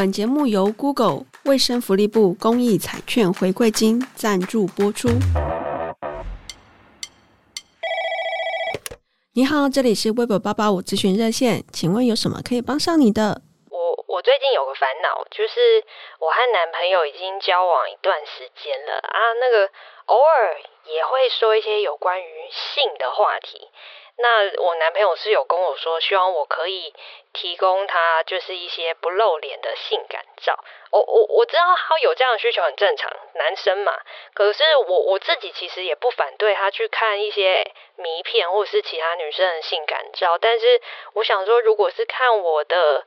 本節目由 Google 衛生福利部公益彩券回饋金贊助播出。你好，這裡是 Web885 諮詢熱線，請問有什麼可以幫上你的？我我最近有個煩惱，就是我和男朋友已經交往一段時間了啊，那個偶爾也會說一些有關於性的話題。那我男朋友是有跟我說，希望我可以提供他就是一些不露臉的性感照。哦，我我我知道他有這樣的需求很正常，男生嘛。可是我我自己其實也不反對他去看一些迷片或是其他女生的性感照，但是我想說，如果是看我的，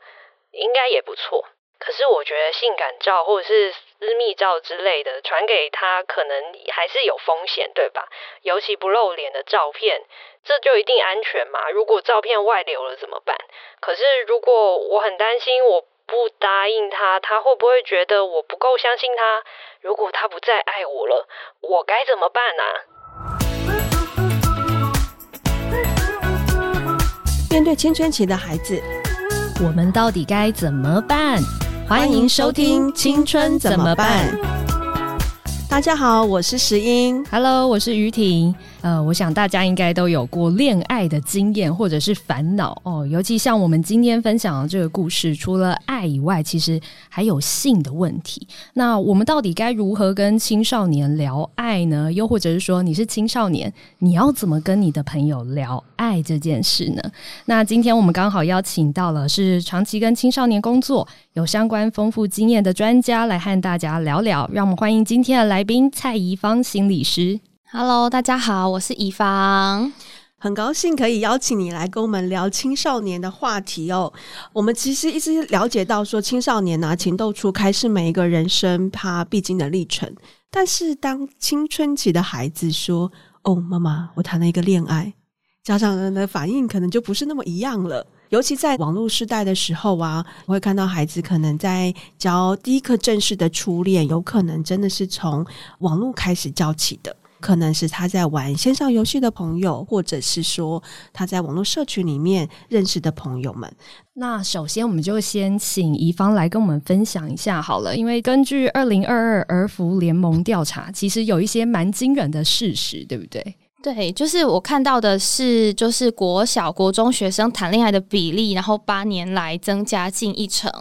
應該也不錯。可是我覺得性感照或者是私密照之類的傳給他，可能還是有風險，對吧？尤其不露臉的照片，這就一定安全嘛。如果照片外流了怎麼辦？可是如果我很擔心，我不答應他，他會不會覺得我不夠相信他？如果他不再愛我了，我該怎麼辦呢、啊？面對青春期的孩子，我們到底該怎麼辦？歡迎收聽《青春怎麼辦》。大家好，我是石英。Hello，我是於婷。呃，我想大家應該都有過戀愛的經驗，或者是煩惱哦。尤其像我們今天分享的這個故事，除了愛以外，其實還有性的問題。那我們到底該如何跟青少年聊愛呢？又或者是說，你是青少年，你要怎麼跟你的朋友聊愛這件事呢？那今天我們剛好邀請到了是長期跟青少年工作有相關豐富經驗的專家來和大家聊聊。讓我們歡迎今天的來賓蔡宜芳心理師。哈嘍，大家好，我是宜芳，很高興可以邀請你來跟我們聊青少年的話題哦。我們其實一直了解到，說青少年啊，情竇初開是每一個人生他必經的歷程。但是，當青春期的孩子說“哦，媽媽，我談了一個戀愛”，家長的反應可能就不是那麼一樣了。尤其在網絡時代的時候啊，我會看到孩子可能在交第一顆正式的初戀，有可能真的是從網絡開始交起的。可能是他在玩線上遊戲的朋友，或者是說他在網絡社群裡面認識的朋友們。那首先，我們就先請宜芳來跟我們分享一下好了，因為根據二零二二兒福聯盟調查，其實有一些蠻驚人的事實，對不對？對，就是我看到的是，就是國小、國中學生談戀愛的比例，然後八年來增加近一成。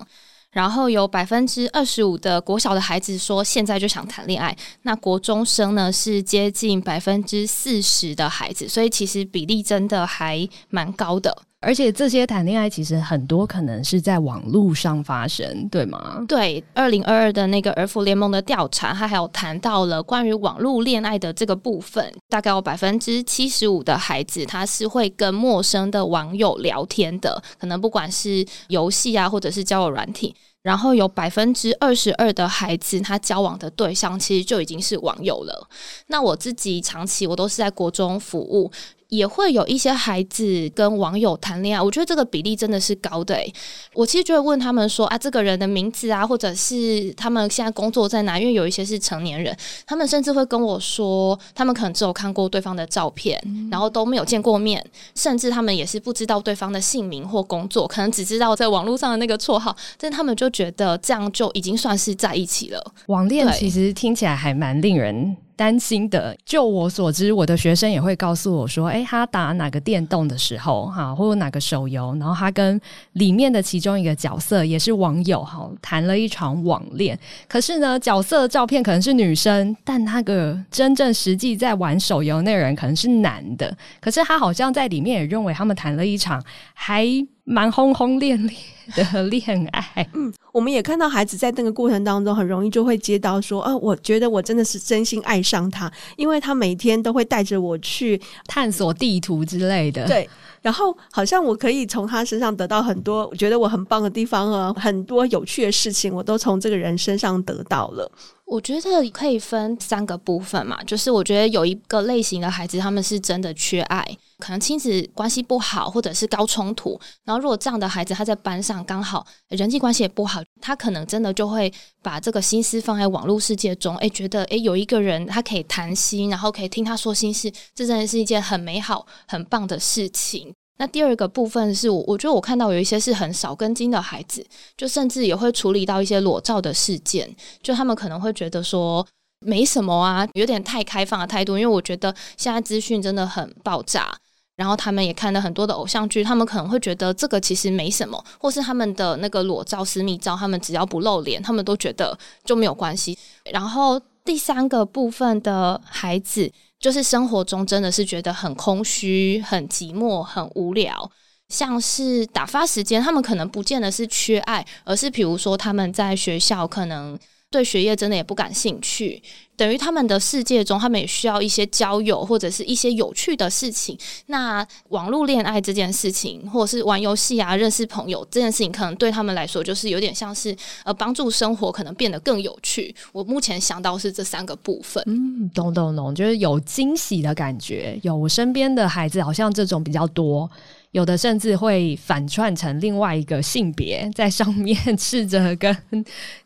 然後有百分之二十五的國小的孩子說現在就想談戀愛，那國中生呢，是接近百分之四十的孩子，所以其實比例真的還蠻高的。而且這些談戀愛其實很多可能是在網絡上發生，對嗎？對，二零二二的那個兒福聯盟的調查，它還有談到了關於網絡戀愛的這個部分。大概有百分之七十五的孩子，他是會跟陌生的網友聊天的，可能不管是遊戲啊，或者是交友軟體。然後有百分之二十二的孩子，他交往的對象其實就已經是網友了。那我自己長期我都是在國中服務。也會有一些孩子跟網友談戀愛，我覺得這個比例真的是高的、欸。我其實就會問他們說：“啊，這個人的名字啊，或者是他們現在工作在哪裡？”因為有一些是成年人，他們甚至會跟我說，他們可能只有看過對方的照片、嗯，然後都沒有見過面，甚至他們也是不知道對方的姓名或工作，可能只知道在網絡上的那個綽號，但是他們就覺得這樣就已經算是在一起了。網戀其實聽起來還蠻令人。擔心的，就我所知，我的學生也會告訴我說：“誒、欸、他打哪個電動的時候，哈，或者哪個手遊，然後他跟裡面的其中一個角色也是網友，哈，談了一場網戀。可是呢，角色的照片可能是女生，但那個真正實際在玩手遊的那人可能是男的。可是他好像在裡面也認為他們談了一場，還，”蠻轟轟烈烈的戀愛， 嗯，我們也看到孩子在那個過程當中，很容易就會接到說，哦、啊，我覺得我真的是真心愛上他，因為他每天都會帶着我去探索地圖之類的，對，然後好像我可以從他身上得到很多，我覺得我很棒的地方啊，很多有趣的事情，我都從這個人身上得到了。我覺得可以分三個部分嘛，就是我覺得有一個類型的孩子，他們是真的缺愛。可能親子關係不好，或者是高衝突。然後，如果這樣的孩子他在班上剛好人際關係也不好，他可能真的就會把這個心思放在網絡世界中。誒，覺得誒，有一個人他可以談心，然後可以聽他說心事，這真的是一件很美好、很棒的事情。那第二個部分是我我覺得我看到有一些是很少根筋的孩子，就甚至也會處理到一些裸照的事件。就他們可能會覺得說沒什麼啊，有點太開放的態度。因為我覺得現在資訊真的很爆炸。然後他們也看了很多的偶像劇，他們可能會覺得這個其實沒什麼，或是他們的那個裸照、私密照，他們只要不露臉，他們都覺得就沒有關係。然後第三個部分的孩子，就是生活中真的是覺得很空虛、很寂寞、很無聊，像是打發時間，他們可能不見得是缺愛，而是比如說他們在學校可能。對學業真的也不感興趣，等於他們的世界中，他們也需要一些交友或者是一些有趣的事情。那網絡戀愛這件事情，或者是玩遊戲啊、認識朋友這件事情，可能對他們來說就是有點像是呃幫助生活可能變得更有趣。我目前想到是這三個部分，嗯，懂懂懂，就是有驚喜的感覺，有我身邊的孩子好像這種比較多。有的甚至會反串成另外一個性別，在上面試着跟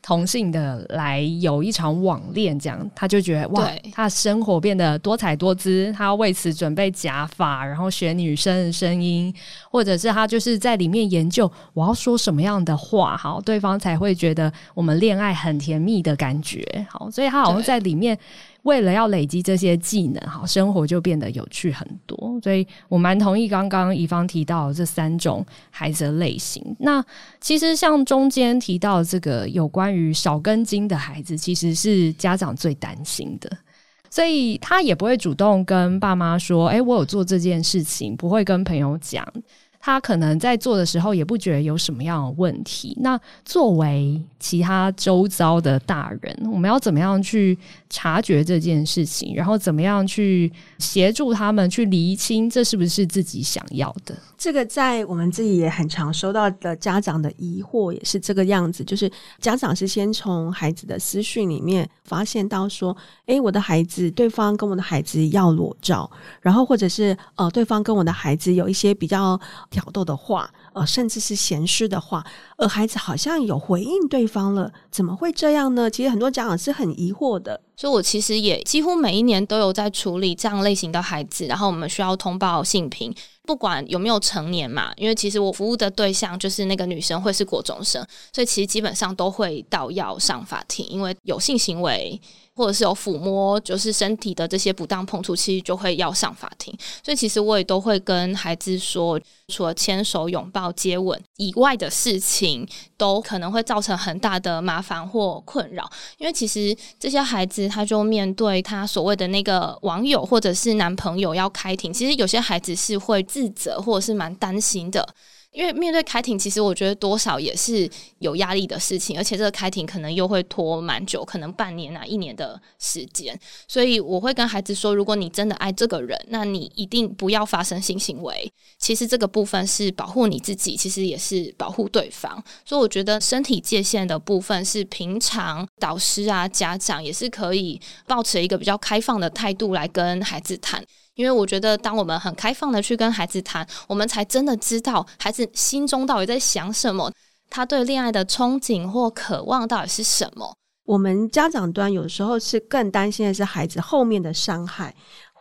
同性的來有一場網戀，這樣他就覺得哇，他生活變得多彩多姿。他要為此準備假髮，然後學女生的聲音，或者是他就是在裡面研究我要說什麼樣的話，好，對方才會覺得我們戀愛很甜蜜的感覺。好，所以他好像在裡面。為了要累積這些技能，好，生活就變得有趣很多。所以我蠻同意剛剛宜芳提到的這三種孩子的類型。那其實像中間提到這個有關於少根筋的孩子，其實是家長最擔心的，所以他也不會主動跟爸媽說，欸，“我有做這件事情。”不會跟朋友講。他可能在做的時候也不覺得有什麼樣的問題。那作為其他周遭的大人，我們要怎麼樣去察覺這件事情？然後怎麼樣去協助他們去釐清這是不是自己想要的？這個在我們自己也很常收到的家長的疑惑也是這個樣子，就是家長是先從孩子的私訊裡面發現到說：“哎、欸，我的孩子，對方跟我的孩子要裸照，然後或者是呃，對方跟我的孩子有一些比較。”挑逗的話，呃，甚至是鹹濕的話，而孩子好像有回應對方了，怎麼會這樣呢？其實很多家長是很疑惑的，所以我其實也幾乎每一年都有在處理這樣類型的孩子，然後我們需要通報性平，不管有沒有成年嘛，因為其實我服務的對象就是那個女生會是國中生，所以其實基本上都會到要上法庭，因為有性行為。或者是有撫摸，就是身體的這些不當碰觸，其實就會要上法庭。所以其實我也都會跟孩子說，除了牽手、擁抱、接吻以外的事情，都可能會造成很大的麻煩或困擾。因為其實這些孩子，他就面對他所謂的那個網友或者是男朋友要開庭，其實有些孩子是會自責，或者是蠻擔心的。因為面對開庭，其實我覺得多少也是有壓力的事情，而且這個開庭可能又會拖蠻久，可能半年啊一年的時間。所以我會跟孩子說，如果你真的愛這個人，那你一定不要發生性行為。其實這個部分是保護你自己，其實也是保護對方。所以我覺得身體界限的部分是平常導師啊、家長也是可以抱持一個比較開放的態度來跟孩子談。因為我覺得，當我們很開放的去跟孩子談，我們才真的知道孩子心中到底在想什麼，他對戀愛的憧憬或渴望到底是什麼。我們家長端有時候是更擔心的是孩子後面的傷害，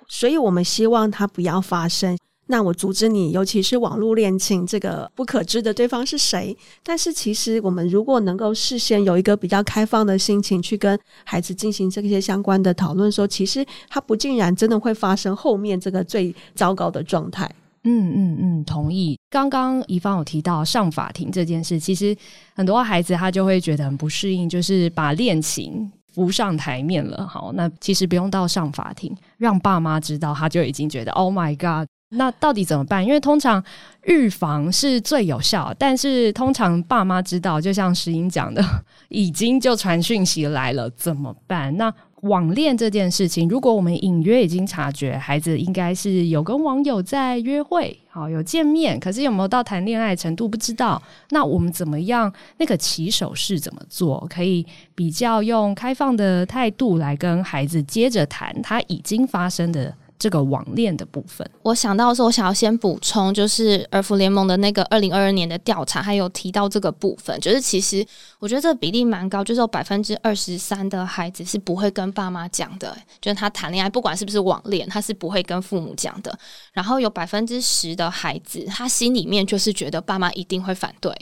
所以我們希望他不要發生。那我阻止你，尤其是網絡戀情這個不可知的對方是誰？但是其實我們如果能夠事先有一個比較開放的心情去跟孩子進行這些相關的討論，說其實他不盡然真的會發生後面這個最糟糕的狀態。嗯嗯嗯，同意。剛剛宜芳有提到上法庭這件事，其實很多孩子他就會覺得很不適應，就是把戀情浮上台面了。好，那其實不用到上法庭，讓爸媽知道他就已經覺得 Oh my God。那到底怎麼辦？因為通常預防是最有效，但是通常爸媽知道，就像石英講的，已經就傳訊息來了，怎麼辦？那網戀這件事情，如果我們隱約已經察覺孩子應該是有跟網友在約會，好，有見面，可是有沒有到談戀愛程度不知道，那我們怎麼樣？那個起手式怎麼做？可以比較用開放的態度來跟孩子接着談，他已經發生的。這個網戀的部分，我想到的時候，我想要先補充，就是兒福聯盟的那個二零二二年的調查，還有提到這個部分，就是其實我覺得這比例蠻高，就是有百分之二十三的孩子是不會跟爸媽講的，就是他談戀愛，不管是不是網戀，他是不會跟父母講的。然後有百分之十的孩子，他心裡面就是覺得爸媽一定會反對。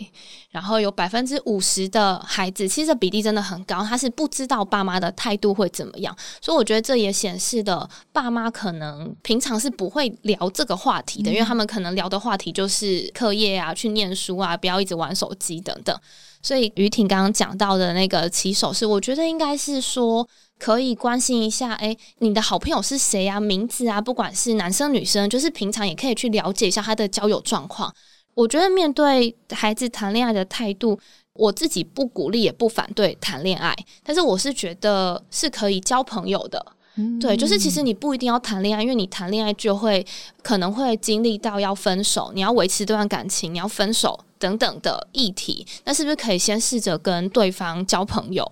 然後有百分之五十的孩子，其實這比例真的很高，他是不知道爸媽的態度會怎麼樣。所以我覺得這也顯示的爸媽可能。嗯，平常是不會聊這個話題的。嗯，因為他們可能聊的話題就是課業啊、去念書啊、不要一直玩手機等等。所以於婷剛剛講到的那個起手式，我覺得應該是說可以關心一下，哎、欸，你的好朋友是誰啊？名字啊，不管是男生女生，就是平常也可以去了解一下他的交友狀況。我覺得面對孩子談戀愛的態度，我自己不鼓勵也不反對談戀愛，但是我是覺得是可以交朋友的。 對，就是其實你不一定要談戀愛，因為你談戀愛就會可能會經歷到要分手，你要維持這段感情，你要分手等等的議題。那是不是可以先試着跟對方交朋友？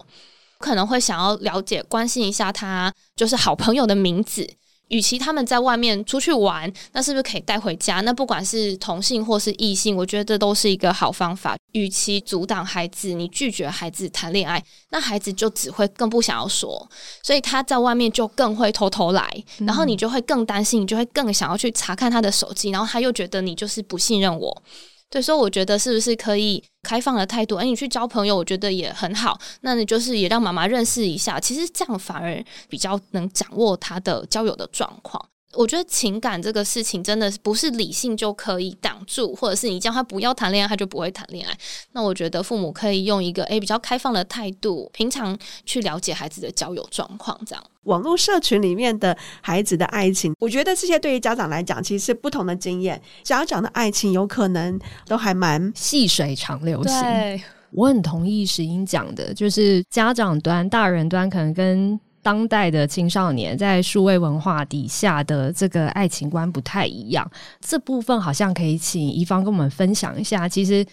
可能會想要了解、關心一下他，就是好朋友的名字。與其他們在外面出去玩，那是不是可以帶回家？那不管是同性或是異性，我覺得這都是一個好方法。與其阻擋孩子，你拒絕孩子談戀愛，那孩子就只會更不想要說，所以他在外面就更會偷偷來，然後你就會更擔心，你就會更想要去查看他的手機，然後他又覺得你就是不信任我。對，所以說，我覺得是不是可以開放的態度？哎，你去交朋友，我覺得也很好。那你就是也讓媽媽認識一下，其實這樣反而比較能掌握他的交友的狀況。我覺得情感這個事情，真的是不是理性就可以擋住，或者是你叫他不要談戀愛，他就不會談戀愛。那我覺得父母可以用一個誒比較開放的態度，平常去了解孩子的交友狀況，這樣。網絡社群裡面的孩子的愛情，我覺得這些對於家長來講，其實是不同的經驗。家長的愛情有可能都還蠻細水長流型。對，我很同意石英講的，就是家長端、大人端可能跟。當代的青少年在數位文化底下的這個愛情觀不太一樣，這部分好像可以請宜芳跟我們分享一下。其實。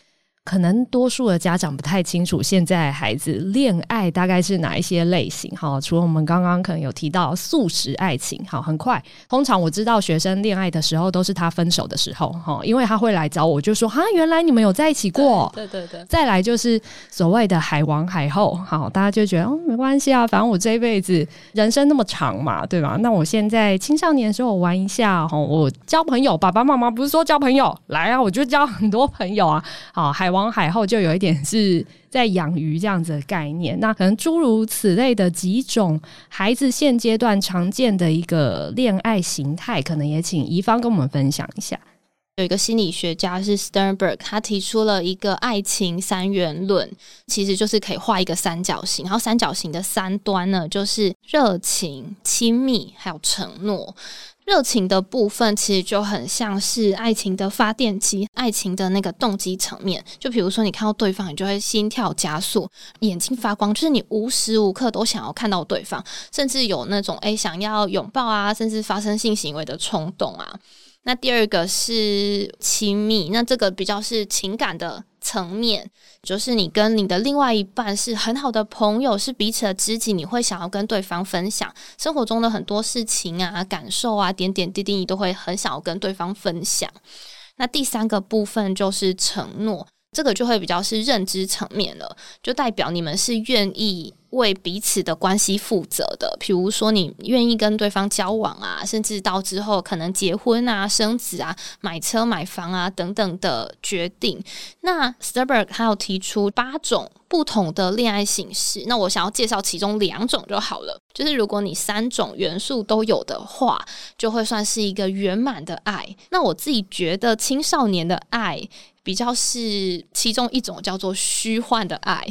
可能多數的家長不太清楚現在孩子戀愛大概是哪一些類型哈？除了我們剛剛可能有提到速食愛情，好，很快通常我知道學生戀愛的時候都是他分手的時候哈，因為他會來找我就說哈，啊，原來你們有在一起過，對對對，對。再來就是所謂的海王海後，好，大家就覺得哦沒關係啊，反正我這一輩子人生那麼長嘛，對吧？那我現在青少年的時候玩一下哈，我交朋友，爸爸媽媽不是說交朋友來啊，我就交很多朋友啊，好海王。黃海後就有一點是在養魚這樣子的概念，那可能諸如此類的幾種孩子現階段常見的一個戀愛形態，可能也請宜芳跟我們分享一下。有一個心理學家是 Sternberg，他提出了一個愛情三元論，其實就是可以畫一個三角形，然後三角形的三端呢，就是熱情、親密還有承諾。熱情的部分其實就很像是愛情的發電機，愛情的那個動機層面。就比如說，你看到對方，你就會心跳加速，眼睛發光，就是你無時無刻都想要看到對方，甚至有那種誒、欸、想要擁抱啊，甚至發生性行為的衝動啊。那第二個是親密，那這個比較是情感的。層面，就是你跟你的另外一半是很好的朋友，是彼此的知己，你會想要跟對方分享生活中的很多事情啊、感受啊、點點滴滴，你都會很想要跟對方分享。那第三個部分就是承諾。這個就會比較是認知層面了，就代表你們是願意為彼此的關係負責的。比如說，你願意跟對方交往啊，甚至到之後可能結婚啊、生子啊、買車買房啊等等的決定。那 Sternberg 還有提出八種不同的戀愛形式，那我想要介紹其中兩種就好了。就是如果你三種元素都有的話，就會算是一個圓滿的愛。那我自己覺得青少年的愛。比較是其中一種叫做虛幻的愛，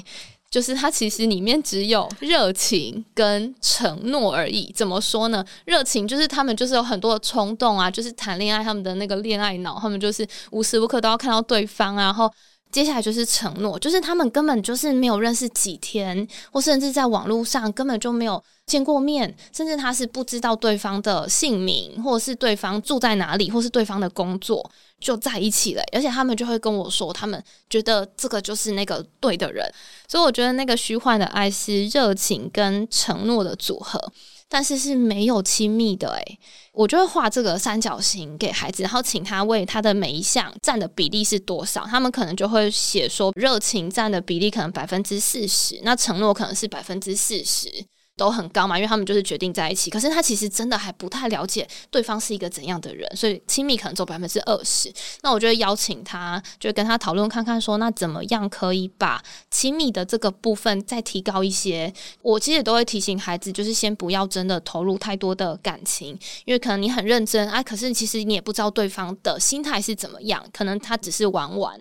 就是它其實裡面只有熱情跟承諾而已。怎麼說呢？熱情就是他們就是有很多的衝動啊，就是談戀愛，他們的那個戀愛腦，他們就是無時無刻都要看到對方啊，然後。接下來就是承諾，就是他們根本就是沒有認識幾天，或甚至在網絡上根本就沒有見過面，甚至他是不知道對方的姓名，或是對方住在哪裡，或是對方的工作，就在一起了。而且他們就會跟我說，他們覺得這個就是那個對的人，所以我覺得那個虛幻的愛是熱情跟承諾的組合。但是是沒有親密的哎、欸，我就會畫這個三角形給孩子，然後請他為他的每一項佔的比例是多少，他們可能就會寫說，熱情佔的比例可能百分之四十，那承諾可能是百分之四十。都很高嘛，因為他們就是決定在一起。可是他其實真的還不太了解對方是一個怎樣的人，所以親密可能只有百分之二十。那我就會邀請他，就跟他討論看看，說那怎麼樣可以把親密的這個部分再提高一些？我其實也都會提醒孩子，就是先不要真的投入太多的感情，因為可能你很認真啊，可是其實你也不知道對方的心態是怎麼樣，可能他只是玩玩。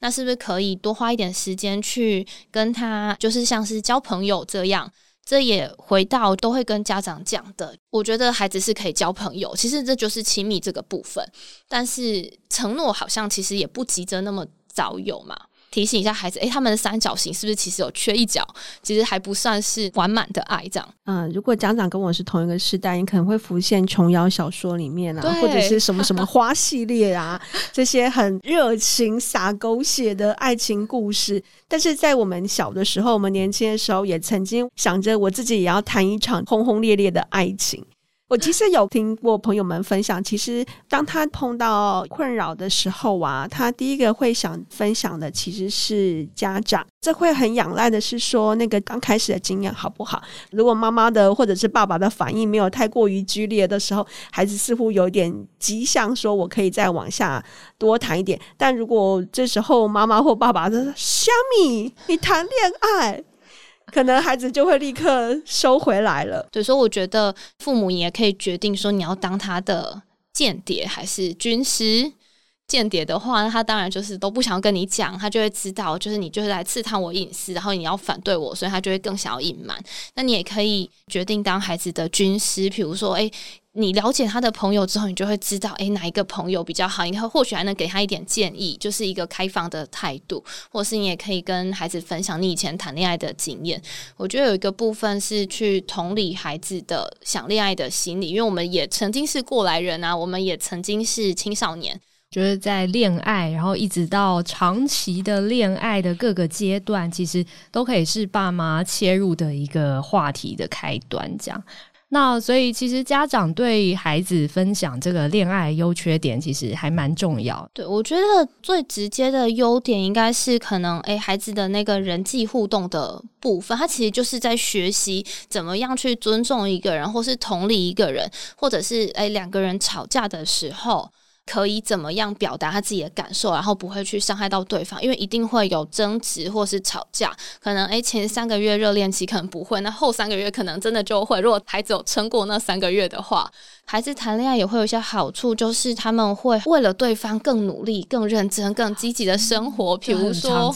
那是不是可以多花一點時間去跟他，就是像是交朋友這樣？這也回到都會跟家長講的，我覺得孩子是可以交朋友，其實這就是親密這個部分，但是承諾好像其實也不急着那麼早有嘛。提醒一下孩子，哎、欸，他們的三角形是不是其實有缺一角？其實還不算是完滿的愛。這樣，嗯，如果家長跟我是同一個時代，你可能會浮現瓊瑤小說裡面啊，或者是什麼什麼花系列啊， 這些很熱情、灑狗血的愛情故事。但是在我們小的時候，我們年輕的時候，也曾經想着，我自己也要談一場轟轟烈烈的愛情。我其實有聽過朋友們分享，其實當他碰到困擾的時候啊，他第一個會想分享的其實是家長，這會很仰賴的是說那個剛開始的經驗好不好？如果媽媽的或者是爸爸的反應沒有太過於激烈的時候，孩子似乎有點跡象，說我可以再往下多談一點。但如果這時候媽媽或爸爸說：“蝦米，你談戀愛。”可能孩子就會立刻收回來了。對，所以說，我覺得父母也可以決定說，你要當他的間諜還是軍師。間諜的話，那他當然就是都不想要跟你講，他就會知道，就是你就是來刺探我隱私，然後你要反對我，所以他就會更想要隱瞞。那你也可以決定當孩子的軍師，比如說，哎。你了解他的朋友之後，你就會知道，哎、欸，哪一個朋友比較好？你或許還能給他一點建議，就是一個開放的態度，或是你也可以跟孩子分享你以前談戀愛的經驗。我覺得有一個部分是去同理孩子的想戀愛的心理，因為我們也曾經是過來人啊，我們也曾經是青少年，就是在戀愛，然後一直到長期的戀愛的各個階段，其實都可以是爸媽切入的一個話題的開端，這樣。那所以，其實家長對孩子分享這個戀愛優缺點，其實還蠻重要。對，我覺得最直接的優點，應該是可能，誒、哎、孩子的那個人際互動的部分，他其實就是在學習怎麼樣去尊重一個人，或是同理一個人，或者是誒、哎、兩個人吵架的時候。可以怎麼樣表達他自己的感受，然後不會去傷害到對方，因為一定會有爭執或是吵架。可能欸，前三個月熱戀期可能不會，那後三個月可能真的就會。如果孩子有撐過那三個月的話，孩子談戀愛也會有一些好處，就是他們會為了對方更努力、更認真、更積極的生活。比如說，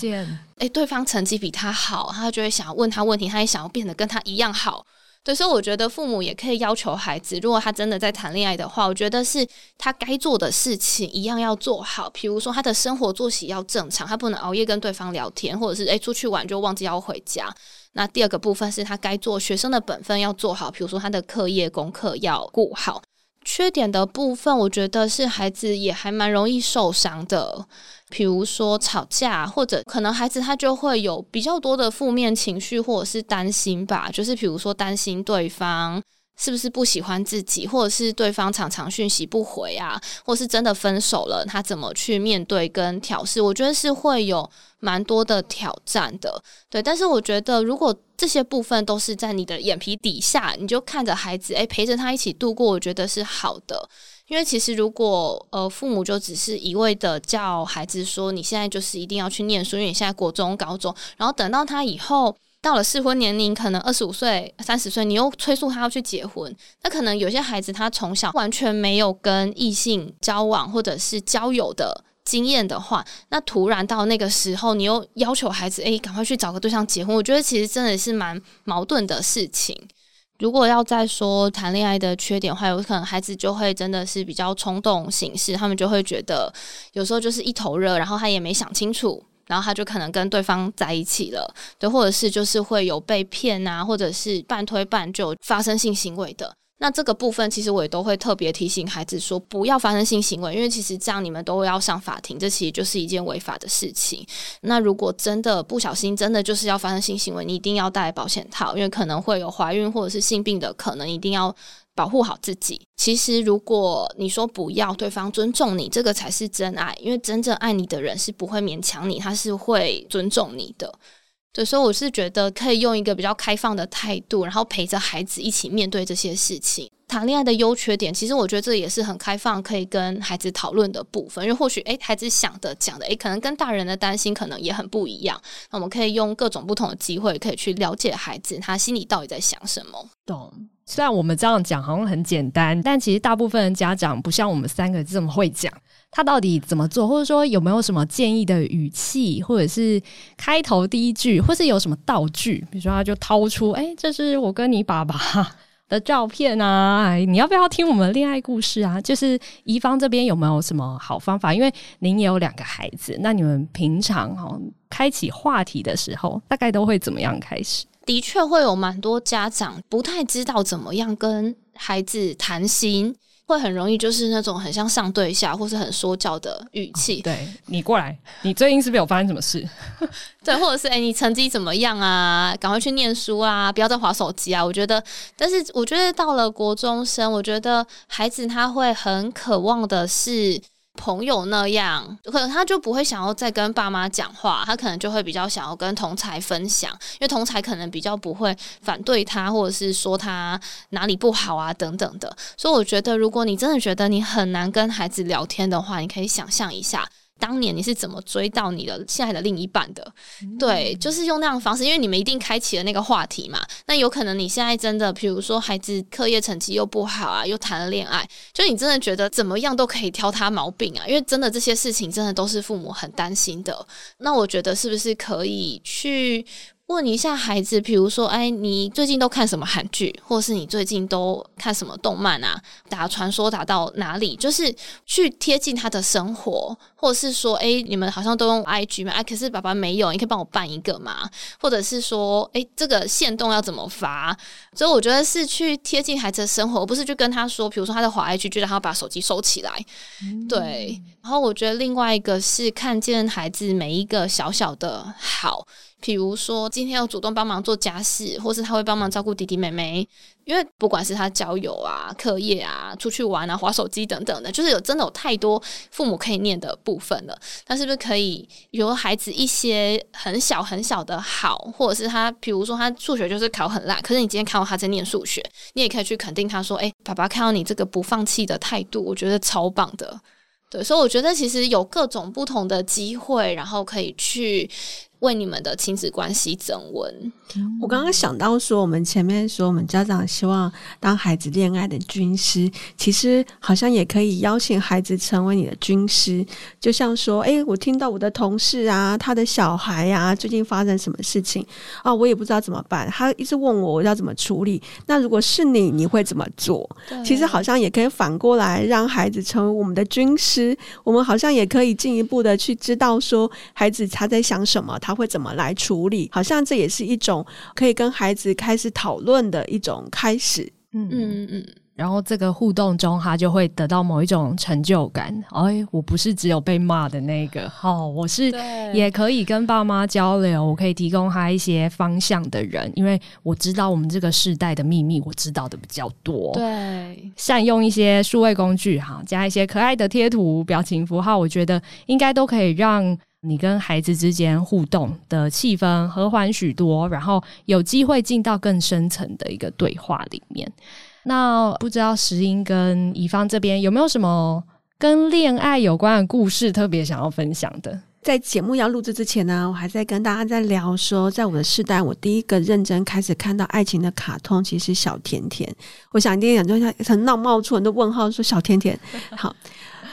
欸，對方成績比他好，他就會想要問他問題，他也想要變得跟他一樣好。對，所以我覺得父母也可以要求孩子，如果他真的在談戀愛的話，我覺得是他該做的事情一樣要做好。比如說他的生活作息要正常，他不能熬夜跟對方聊天，或者是，哎，出去玩就忘記要回家。那第二個部分是他該做學生的本分要做好，比如說他的課業功課要顧好。缺點的部分，我覺得是孩子也還蠻容易受傷的，比如說吵架，或者可能孩子他就會有比較多的負面情緒，或者是擔心吧，就是比如說擔心對方。是不是不喜歡自己，或者是對方常常訊息不回啊，或是真的分手了，他怎麼去面對跟調適？我覺得是會有蠻多的挑戰的，對。但是我覺得，如果這些部分都是在你的眼皮底下，你就看着孩子，誒、欸，陪着他一起度過，我覺得是好的。因為其實如果呃父母就只是一味的叫孩子說，你現在就是一定要去念書，因為你現在國中、高中，然後等到他以後。到了適婚年齡，可能二十五歲、三十歲，你又催促他要去結婚。那可能有些孩子他從小完全沒有跟異性交往或者是交友的經驗的話，那突然到那個時候，你又要求孩子誒、欸，趕快去找個對象結婚，我覺得其實真的是蠻矛盾的事情。如果要再說談戀愛的缺點的話，有可能孩子就會真的是比較衝動行事，他們就會覺得有時候就是一頭熱，然後他也沒想清楚。然後他就可能跟對方在一起了，就，或者是就是會有被騙啊，或者是半推半就發生性行為的。那這個部分，其實我也都會特別提醒孩子說，不要發生性行為，因為其實這樣你們都要上法庭，這其實就是一件違法的事情。那如果真的不小心，真的就是要發生性行為，你一定要戴保險套，因為可能會有懷孕或者是性病的可能，一定要保護好自己。其實如果你說不要，對方尊重你，這個才是真愛，因為真正愛你的人是不會勉強你，他是會尊重你的。對，所以我是覺得可以用一個比較開放的態度，然後陪着孩子一起面對這些事情。談戀愛的優缺點，其實我覺得這也是很開放，可以跟孩子討論的部分。因為或許，哎，孩子想的、講的，哎，可能跟大人的擔心可能也很不一樣。那我們可以用各種不同的機會，可以去了解孩子他心裡到底在想什麼？懂。雖然我們這樣講好像很簡單，但其實大部分的家長不像我們三個這麼會講。他到底怎麼做，或者說有沒有什麼建議的語氣，或者是開頭第一句，或者是有什麼道具？比如說，他就掏出，哎、欸，這是我跟你爸爸的照片啊，你要不要聽我們戀愛故事啊？就是宜芳這邊有沒有什麼好方法？因為您也有兩個孩子，那你們平常哈、喔、開啟話題的時候，大概都會怎麼樣開始？的確會有蠻多家長不太知道怎麼樣跟孩子談心，會很容易就是那種很像上對下或是很說教的語氣、哦。對，你過來，你最近是不是有發生什麼事？ 對，或者是哎、欸，你成績怎麼樣啊？趕快去念書啊！不要再滑手機啊！我覺得，但是我覺得到了國中生，我覺得孩子他會很渴望的是。朋友那樣，可能他就不會想要再跟爸媽講話，他可能就會比較想要跟同儕分享，因為同儕可能比較不會反對他，或者是說他哪裡不好啊等等的。所以我覺得，如果你真的覺得你很難跟孩子聊天的話，你可以想象一下。當年你是怎麼追到你的現在的另一半的？嗯。對，就是用那樣的方式，因為你們一定開啟了那個話題嘛。那有可能你現在真的，比如說孩子課業成績又不好啊，又談了戀愛，就你真的覺得怎麼樣都可以挑他毛病啊。因為真的這些事情，真的都是父母很擔心的。那我覺得是不是可以去？問你一下，孩子，比如說，哎，你最近都看什麼韓劇，或者是你最近都看什麼動漫啊？打傳說打到哪裡？就是去貼近他的生活，或者是說，哎，你們好像都用 IG 嘛，哎，可是爸爸沒有，你可以幫我辦一個嘛？或者是說，哎，這個限動要怎麼發？所以我覺得是去貼近孩子的生活，不是去跟他說，比如說他在滑 IG，居然要把手機收起來、嗯。對，然後我覺得另外一個是看見孩子每一個小小的好。比如說，今天要主動幫忙做家事，或是他會幫忙照顧弟弟妹妹，因為不管是他交友啊、課業啊、出去玩啊、滑手機等等的，就是有真的有太多父母可以念的部分了。那是不是可以有孩子一些很小很小的好，或者是他，比如說他數學就是考很爛，可是你今天看到他在念數學，你也可以去肯定他說：“誒、欸，爸爸看到你這個不放棄的態度，我覺得超棒的。”對，所以我覺得其實有各種不同的機會，然後可以去。為你們的親子關係增溫。我剛剛想到說，我們前面說我們家長希望當孩子戀愛的軍師，其實好像也可以邀請孩子成為你的軍師。就像說，哎，我聽到我的同事啊，他的小孩啊，最近發生什麼事情啊，我也不知道怎麼辦。他一直問我，我要怎麼處理。那如果是你，你會怎麼做？其實好像也可以反過來讓孩子成為我們的軍師。我們好像也可以進一步的去知道說孩子他在想什麼。他他會怎麼來處理？好像這也是一種可以跟孩子開始討論的一種開始。嗯嗯嗯。然後這個互動中，他就會得到某一種成就感。哎，我不是只有被罵的那個，好、哦，我是也可以跟爸媽交流。我可以提供他一些方向的人，因為我知道我們這個世代的秘密，我知道的比較多。對，善用一些數位工具，哈，加一些可愛的貼圖、表情符號，我覺得應該都可以讓。你跟孩子之間互動的氣氛和緩許多，然後有機會進到更深層的一個對話裡面。那不知道石英跟宜芳這邊有沒有什麼跟戀愛有關的故事特別想要分享的？在節目要錄製之前呢，我還在跟大家在聊說，在我的世代，我第一個認真開始看到愛情的卡通，其實是小甜甜。我想今天講就像很鬧冒出很多問號，說小甜甜好，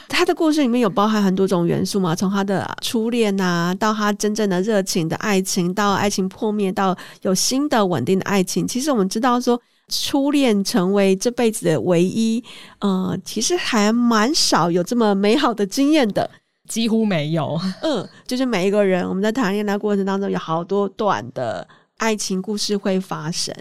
他的故事裡面有包含很多種元素嘛，從他的初戀啊，到他真正的熱情的愛情，到愛情破滅，到有新的穩定的愛情。其實我們知道說，初戀成為這輩子的唯一，呃，其實還蠻少有這麼美好的經驗的，幾乎沒有。嗯，就是每一個人我們在談戀愛過程當中，有好多段的愛情故事會發生。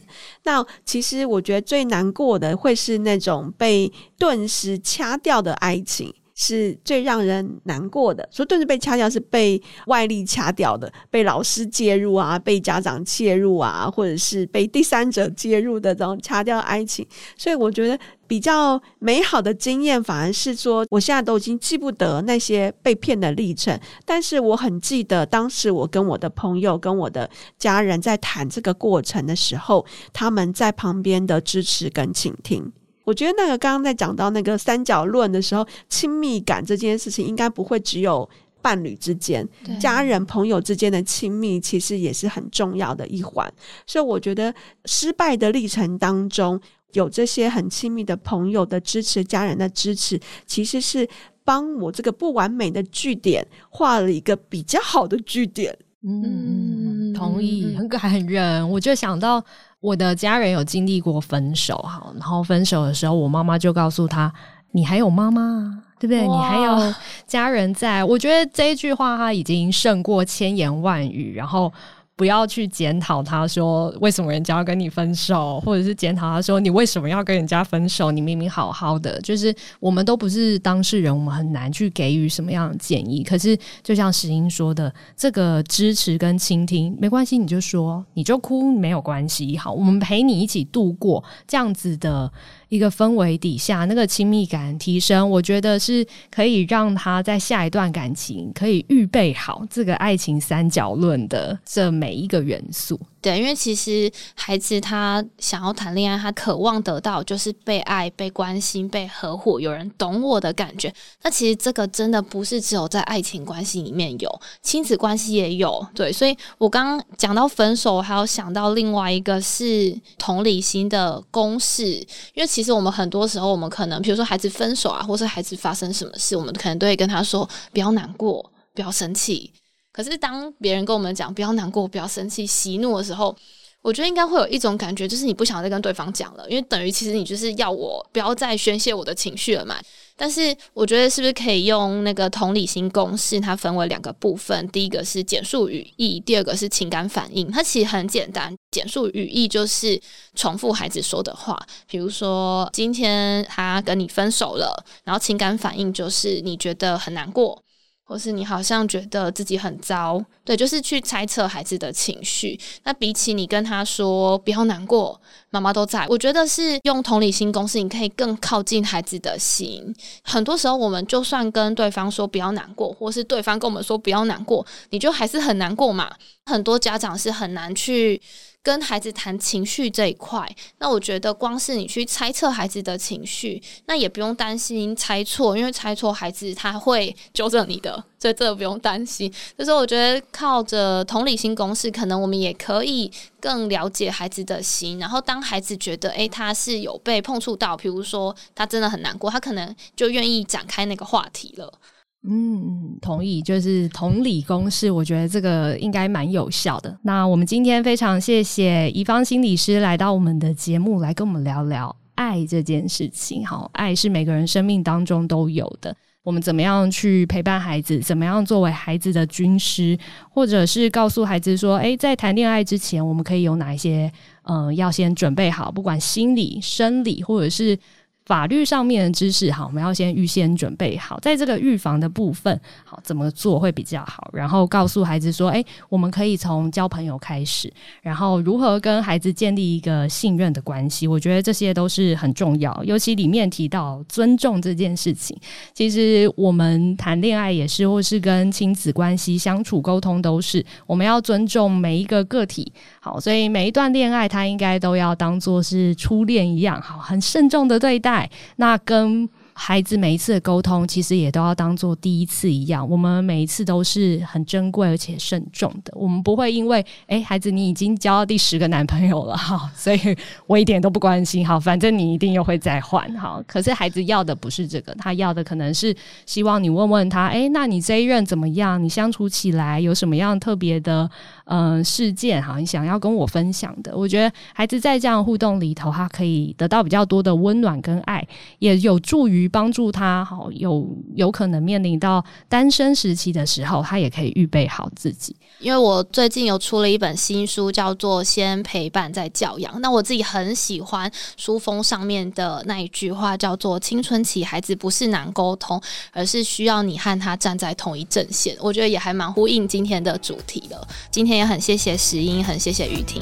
那其實我覺得最難過的會是那種被頓時掐掉的愛情。是最讓人難過的，所以頓時被掐掉是被外力掐掉的，被老師介入啊，被家長介入啊，或者是被第三者介入的這種掐掉愛情。所以我覺得比較美好的經驗，反而是說，我現在都已經記不得那些被騙的歷程，但是我很記得當時我跟我的朋友、跟我的家人在談這個過程的時候，他們在旁邊的支持跟傾聽。我覺得那個剛剛在講到那個三角論的時候，親密感這件事情應該不會只有伴侶之間、家人、朋友之間的親密，其實也是很重要的一環。所以我覺得失敗的歷程當中，有這些很親密的朋友的支持、家人的支持，其實是幫我這個不完美的句點畫了一個比較好的句點。嗯，同意，很還很人，我就想到。我的家人有經歷過分手，哈，然後分手的時候，我媽媽就告訴他：“你還有媽媽，對不對？你還有家人在。”我覺得這句話他已經勝過千言萬語，然後。不要去檢討他說為什麼人家要跟你分手，或者是檢討他說你為什麼要跟人家分手？你明明好好的，就是我們都不是當事人，我們很難去給予什麼樣的建議。可是就像石英說的，這個支持跟傾聽沒關係，你就說，你就哭沒有關係。好，我們陪你一起度過這樣子的一個氛圍底下，那個親密感提升，我覺得是可以讓他在下一段感情可以預備好這個愛情三角論的這每一個元素。對，因為其實孩子他想要談戀愛，他渴望得到就是被愛、被關心、被呵護、有人懂我的感覺。那其實這個真的不是只有在愛情關係裡面有，親子關係也有。對，所以我剛剛講到分手，我還有想到另外一個是同理心的公式，因為其實我們很多時候，我們可能比如說孩子分手啊，或是孩子發生什麼事，我們可能都會跟他說不要難過，不要生氣。可是，當別人跟我們講“不要難過，不要生氣，息怒”的時候，我覺得應該會有一種感覺，就是你不想再跟對方講了，因為等於其實你就是要我不要再宣洩我的情緒了嘛。但是，我覺得是不是可以用那個同理心公式？它分為兩個部分，第一個是簡述語意，第二個是情感反映。它其實很簡單，簡述語意就是重複孩子說的話，比如說今天他跟你分手了，然後情感反映就是你覺得很難過。或是你好像覺得自己很糟，對，就是去猜測孩子的情緒。那比起你跟他說不要難過，媽媽都在，我覺得是用同理心公式，你可以更靠近孩子的心。很多時候，我們就算跟對方說不要難過，或是對方跟我們說不要難過，你就還是很難過嘛。很多家長是很難去。跟孩子談情緒這一塊，那我覺得光是你去猜測孩子的情緒，那也不用擔心猜錯，因為猜錯孩子他會糾正你的，所以這個不用擔心。所以說我覺得靠着同理心公式，可能我們也可以更了解孩子的心。然後當孩子覺得誒，他是有被碰觸到，比如說他真的很難過，他可能就願意展開那個話題了。嗯，同意，就是同理公式，我覺得這個應該蠻有效的。那我們今天非常謝謝宜芳心理師來到我們的節目，來跟我們聊聊愛這件事情。好，愛是每個人生命當中都有的。我們怎麼樣去陪伴孩子？怎麼樣作為孩子的軍師，或者是告訴孩子說，誒，在談戀愛之前，我們可以有哪一些？嗯，要先準備好，不管心理、生理，或者是。法律上面的知識，哈，我們要先預先準備好，在這個預防的部分，好，怎麼做會比較好？然後告訴孩子說，哎、欸，我們可以從交朋友開始，然後如何跟孩子建立一個信任的關係，我覺得這些都是很重要。尤其裡面提到尊重這件事情，其實我們談戀愛也是，或是跟親子關係相處溝通都是，我們要尊重每一個個體。好，所以每一段戀愛，他應該都要當做是初戀一樣，好，很慎重的對待。那跟孩子每一次的溝通，其實也都要當做第一次一樣。我們每一次都是很珍貴而且慎重的。我們不會因為哎、欸，孩子你已經交到第十個男朋友了哈，所以我一點都不關心。好，反正你一定又會再換。好，可是孩子要的不是這個，他要的可能是希望你問問他，哎、欸，那你這一任怎麼樣？你相處起來有什麼樣特別的？嗯、呃，事件哈，你想要跟我分享的。我覺得孩子在這樣互動裡頭，他可以得到比較多的溫暖跟愛，也有助於幫助他。好，有有可能面臨到單身時期的時候，他也可以預備好自己。因為我最近有出了一本新書，叫做《先陪伴再教養》。那我自己很喜歡書封上面的那一句話，叫做“青春期孩子不是難溝通，而是需要你和他站在同一陣線”。我覺得也還蠻呼應今天的主題的。今天。也很謝謝石英，很謝謝雨婷。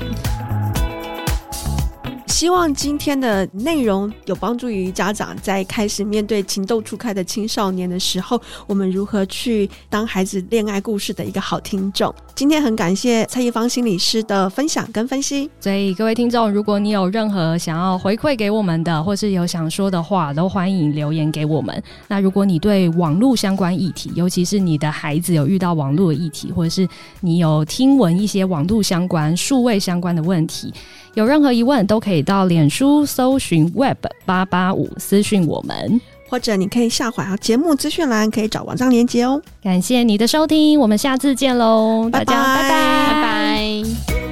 希望今天的內容有幫助於家長，在開始面對情竇初開的青少年的時候，我們如何去當孩子戀愛故事的一個好聽眾？今天很感謝蔡宜芳心理師的分享跟分析。所以各位聽眾，如果你有任何想要回饋給我們的，或是有想說的話，都歡迎留言給我們。那如果你對網絡相關議題，尤其是你的孩子有遇到網絡的議題，或者是你有聽聞一些網絡相關、數位相關的問題，有任何疑問，都可以。到臉書搜尋 Web 八八五，私訊我們，或者你可以下滑啊節目資訊欄，可以找網上連結哦。感謝你的收聽，我們下次見嘍，大家拜拜拜拜。拜拜拜拜。